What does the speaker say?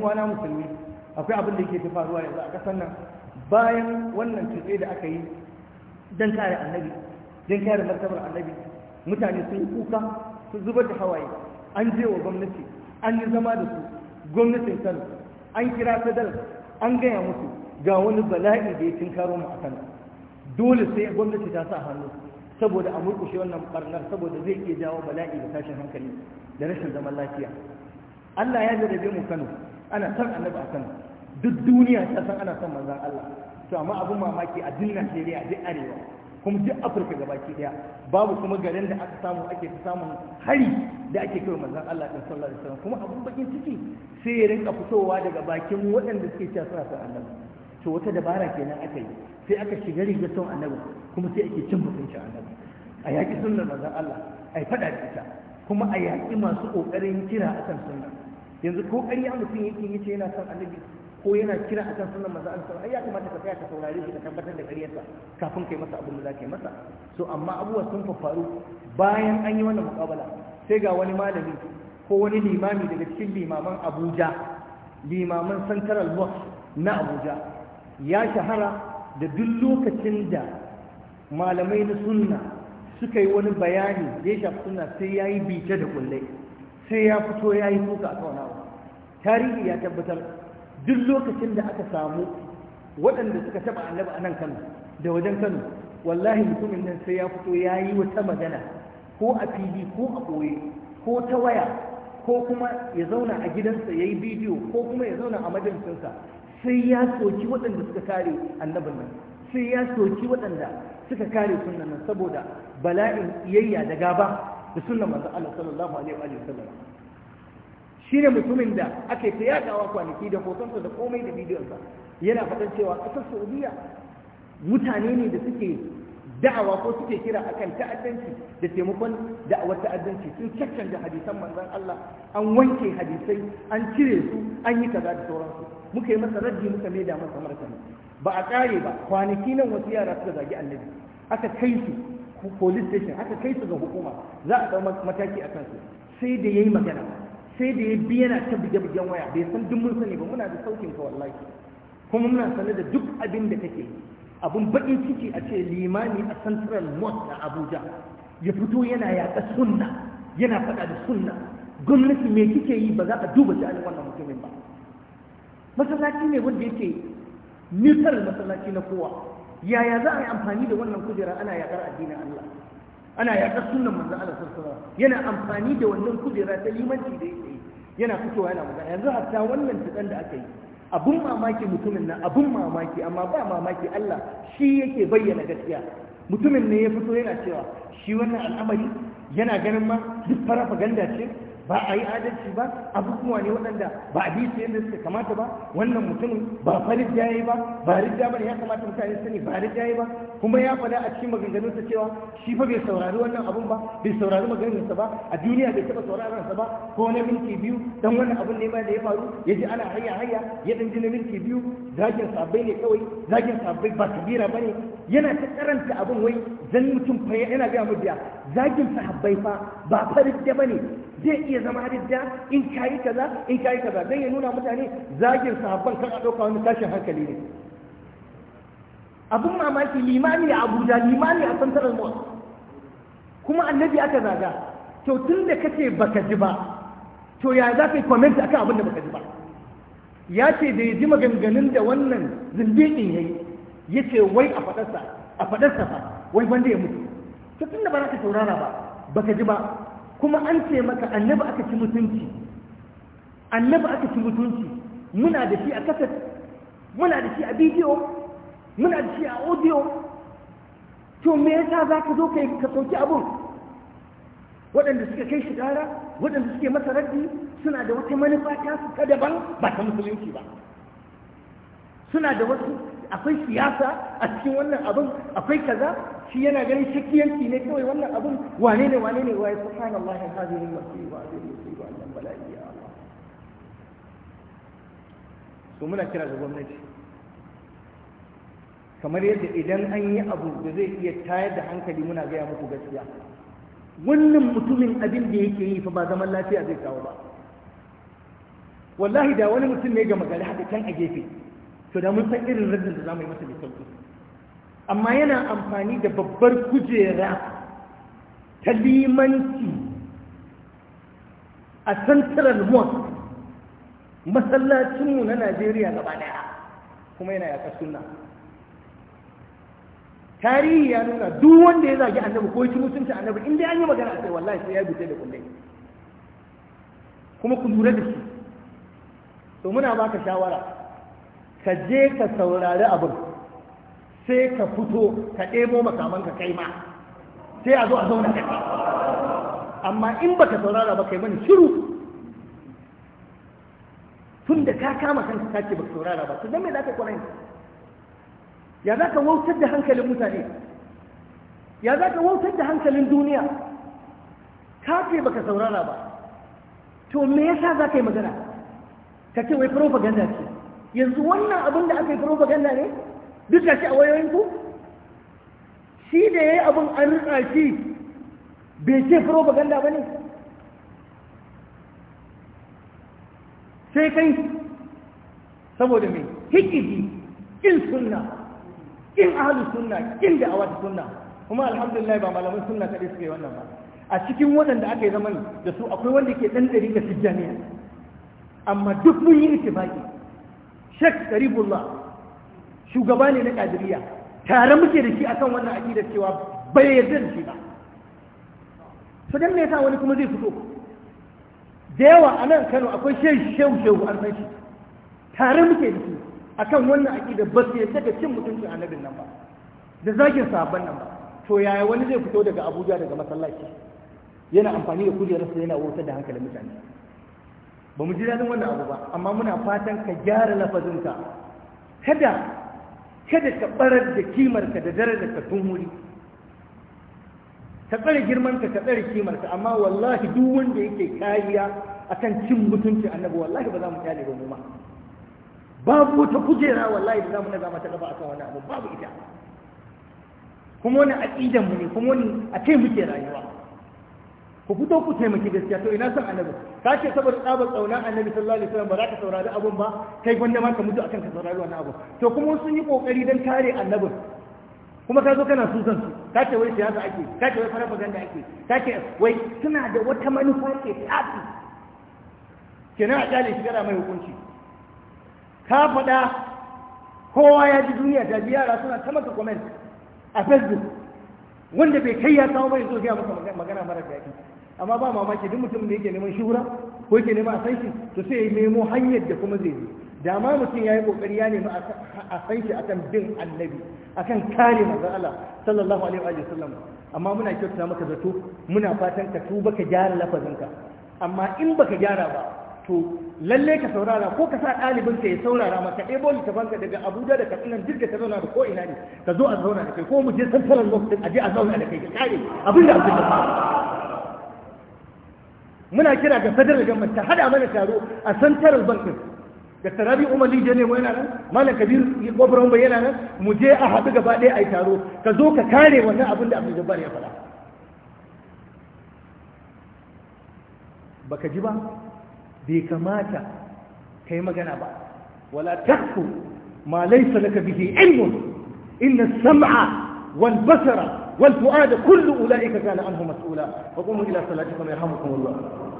kwana musulmi akwai abin da yake faruwa yanzu a kasan nan bayan wannan cuɗe da aka yi don kare annabi don kare martabar annabi mutane sun kuka su zubar da hawaye an je wa gwamnati an yi zama da su gwamnatin kano an kira sadar an gaya musu ga wani bala'i da ya karo mu a kano dole sai gwamnati ta sa hannu saboda a murkushe wannan barnar saboda zai iya jawo bala'i da tashin hankali da rashin zaman lafiya Allah ya jarabe mu Kano ana san annabi a sama duk duniya ta san ana san manzan Allah to amma abin mamaki a duk Najeriya duk arewa kuma duk Afirka gabaki daya babu kuma garin da aka samu ake samun hari da ake kai manzan Allah din sallallahu alaihi wasallam kuma abun bakin ciki sai ya rinka fitowa daga bakin waɗanda suke cewa suna san annabi to wata dabara kenan aka yi sai aka shiga rigar son annabi kuma sai ake cin mutuncin annabi a yaƙi sunnar manzan Allah a yi faɗa da ita kuma a yaƙi masu ƙoƙarin kira akan sunnar yanzu ko an yi mutum yake yace yana son annabi ko yana kira a kan sunan manzo Allah ai ya kamata ka tsaya ka saurare shi ka tabbatar da karyarsa kafin kai masa abin da za ka yi masa so amma abubuwa sun faru bayan an yi wannan mukabala sai ga wani malami ko wani limami daga cikin limaman Abuja limaman Central Mosque na Abuja ya shahara da duk lokacin da malamai na sunna suka yi wani bayani da ya shafi sunna sai ya yi bita da kullai sai ya fito ya yi suka a kawanawa tarihi ya tabbatar duk lokacin da aka samu waɗanda suka taɓa annaba a nan kano da wajen kano wallahi mutumin nan sai ya fito ya yi wata magana ko a fili ko a ɓoye ko ta waya ko kuma ya zauna a gidansa ya yi bidiyo ko kuma ya zauna a majalisinsa sai ya soki waɗanda suka kare annabin nan sai ya soki waɗanda suka kare sunan nan saboda bala'in iyayya da gaba da sunan masu Allah sallallahu alaihi wa sallam shine mutumin da ake ta yadawa kwanaki da hotonsa da komai da bidiyonsa yana faɗan cewa ƙasar Saudiya mutane ne da suke da'awa ko suke kira akan ta'addanci da taimakon da'awar ta'addanci sun caccanja hadisan manzon Allah an wanke hadisai an cire su an yi kaza da sauransu muka yi masa raddi muka maida masa martani ba a kare ba kwanaki nan wasu yara suka zagi annabi aka kai su police station haka kai su ga hukuma za a dau mataki a kansu sai da yayi magana sai da ya bi yana ta buge-bugen waya bai san duk mun sani ba muna da saukin ka wallahi kuma muna sane da duk abin da kake abun baki ciki a ce limami a central mosque na abuja ya fito yana yaƙa sunna yana faɗa da sunna gwamnati me kike yi ba za a duba sha'anin wannan mutumin ba masallaci ne wanda yake mutar masallaci na kowa yaya za a yi amfani da wannan kujera ana yaƙar addinin Allah ana yaƙar sunan manzon Allah sallallahu yana amfani da wannan kujera ta limanci da yake yana fitowa yana magana yanzu hatta wannan tudan da aka yi abun mamaki mutumin nan abun mamaki amma ba mamaki Allah shi yake bayyana gaskiya mutumin ne ya fito yana cewa shi wannan al'amari yana ganin ma duk farafaganda ce ba a yi adalci ba abubuwa ne waɗanda ba a bisa yadda suka kamata ba wannan mutumin ba farin yi ba ba a ba ne ya kamata mutane su ne ba ridda ya yi ba kuma ya faɗa a cikin maganganunsa cewa shi fa bai saurari wannan abun ba bai saurari maganganunsa ba a duniya bai taɓa sauraran sa ba ko na minti biyu dan wannan abun ne ba da ya faru ya ji ana haya-haya ya ɗan ji na minti biyu zagin sabbai ne kawai zagin sabbai ba kabira ba ne yana ta karanta abin wai zan mutum fa yana ga mudiya zagin sahabbai fa ba faridda bane zai iya zama ridda in kai kaza in kai kaza dan ya nuna mutane zagin sahabban kan a dauka wani tashin hankali ne abin mamaki limani a abuja limani a central mosque kuma annabi aka zaga to tun da kace baka ji ba to ya za ka yi comment akan abin da baka ji ba ya ce da ya ji maganganun da wannan zindiɗin ya yi Yake wai a fadarsa a fadarsa fa wai wanda ya mutu to tunda ba za ka saurara ba ba ka ji ba kuma an ce maka annabi aka ci mutunci annabi aka ci mutunci muna da shi a kasar muna da shi a bidiyo muna da shi a audio to me yasa za ka zo ka sauki abun waɗanda suka kai shi ƙara waɗanda suke masa raddi suna da wata manufa ta su ta daban ba ta musulunci ba suna da wasu akwai siyasa a cikin wannan abin akwai kaza shi yana ganin shakiyanci ne kawai wannan abin wane ne wane ne wa ya Allah ya hadi ne masu wa zai yi ba nan bala'i ya Allah muna kira ga gwamnati kamar yadda idan an yi abu da zai iya tayar da hankali muna gaya muku gaskiya wannan mutumin abin da yake yi fa ba zaman lafiya zai kawo ba wallahi da wani mutum ne ga magana haka can a gefe to da mun san irin raddin da zamu yi masa mai sauki amma yana amfani da babbar kujera ta limanci a central mosque masallacinmu na najeriya gaba daya kuma yana yaƙar sunna tarihi ya nuna duk wanda ya zagi annabi ko ya ci mutunta annabi inda an yi magana a sai wallahi sai ya guje da kullai kuma ku lura da shi to muna baka shawara ka je ka saurari abin sai ka fito ka ɗebo makamanka kai ma sai a zo a zauna kai amma in baka saurara ba kai mani shiru tun da ka kama ka kake baka saurara ba to zama da zaka kwarai ya za ka wautar da hankalin mutane ya za ka wautar da hankalin duniya ka ce baka saurara ba to me yasa ka yi magana ka ce wai propaganda ce yanzu wannan abin da aka yi propaganda ne duk da shi a wayoyinku shi da ya yi abin an rika shi bai ce propaganda ba ne sai kai saboda mai hikiji kin sunna kin ahalu sunna kin da awata sunna kuma alhamdulillah ba malamin sunna kaɗai suke wannan ba a cikin waɗanda aka yi zaman da su akwai wanda ke ɗan ɗari da sijjaniya amma duk mun yi ittifaqi Sheikh karibullah shugaba ne na kadiriya tare muke da shi akan wannan aqida cewa bai yarda da shi ba to dan ne yasa wani kuma zai fito da yawa a nan Kano akwai shehu shehu shehu an san shi tare muke da shi akan wannan aqida ba sai yarda da cin mutuncin annabin nan ba da zakin sahabban nan ba to yaya wani zai fito daga Abuja daga masallaci yana amfani da kujerarsa yana wutar da hankalin mutane ba mu ji daɗin wannan abu ba amma muna fatan ka gyara lafazinka kada kada ka barar da kimarka da darajar ka tun wuri ka tsare girmanka ka tsare kimarka amma wallahi duk wanda yake kariya akan cin mutunci annabi wallahi ba za mu kyale ba mu ma babu wata kujera wallahi da za mu naga mata gaba akan wani abu babu ita kuma wani aqidan mu ne kuma wani a ce muke rayuwa ku fito ku taimaki gaskiya to ina son annabi ka ce saboda tsabar tsaunan annabi sallallahu alaihi wasallam ba za ka saurari abun ba kai gwanda ma ka mutu akan ka saurari wannan abu to kuma sun yi kokari dan kare annabin kuma ka zo kana susan su ka ce wai siyasa ake ka ce wai farfaganda ake ka ce wai suna da wata manufa ke tsafi kenan a kyale shi gara mai hukunci ka faɗa kowa ya ji duniya ta ji yara suna ta maka comment a facebook wanda bai kai ya kawo mai zo ya maka magana mara daɗi amma ba mamaki duk mutum da yake neman shura ko yake neman a san shi to sai ya nemo hanyar da kuma zai bi da ma mutum ya yi kokari ya nemi a san shi akan bin annabi akan kare manzon Allah sallallahu alaihi wa sallam amma muna kyautata maka zato muna fatan ka tuba ka gyara lafazinka amma in baka gyara ba to lalle ka saurara ko ka sa ɗalibin ka ya saurara maka ɗebo littafin ka daga abuja da katsinan duk ta zauna da ko ina ne ka zo a zauna da kai ko mu je tattalin lokacin a je a zauna da kai ka kare abin da abin da ba muna kira ga fadar da ta hada mana taro a santaran bankin da tarabi umar lije ne yana nan malam kabir gobaron bai yana nan mu je a haɗu gaba ɗaya a yi taro ka zo ka kare wannan abin da abin da ya faɗa baka ji ba bai kamata ka yi magana ba wala takfu ma laisa laka bihi ilmun inna sam'a wal basara wal fu'ada kullu ulaika kana anhu mas'ula wa qumu ila salatikum yarhamukum Allah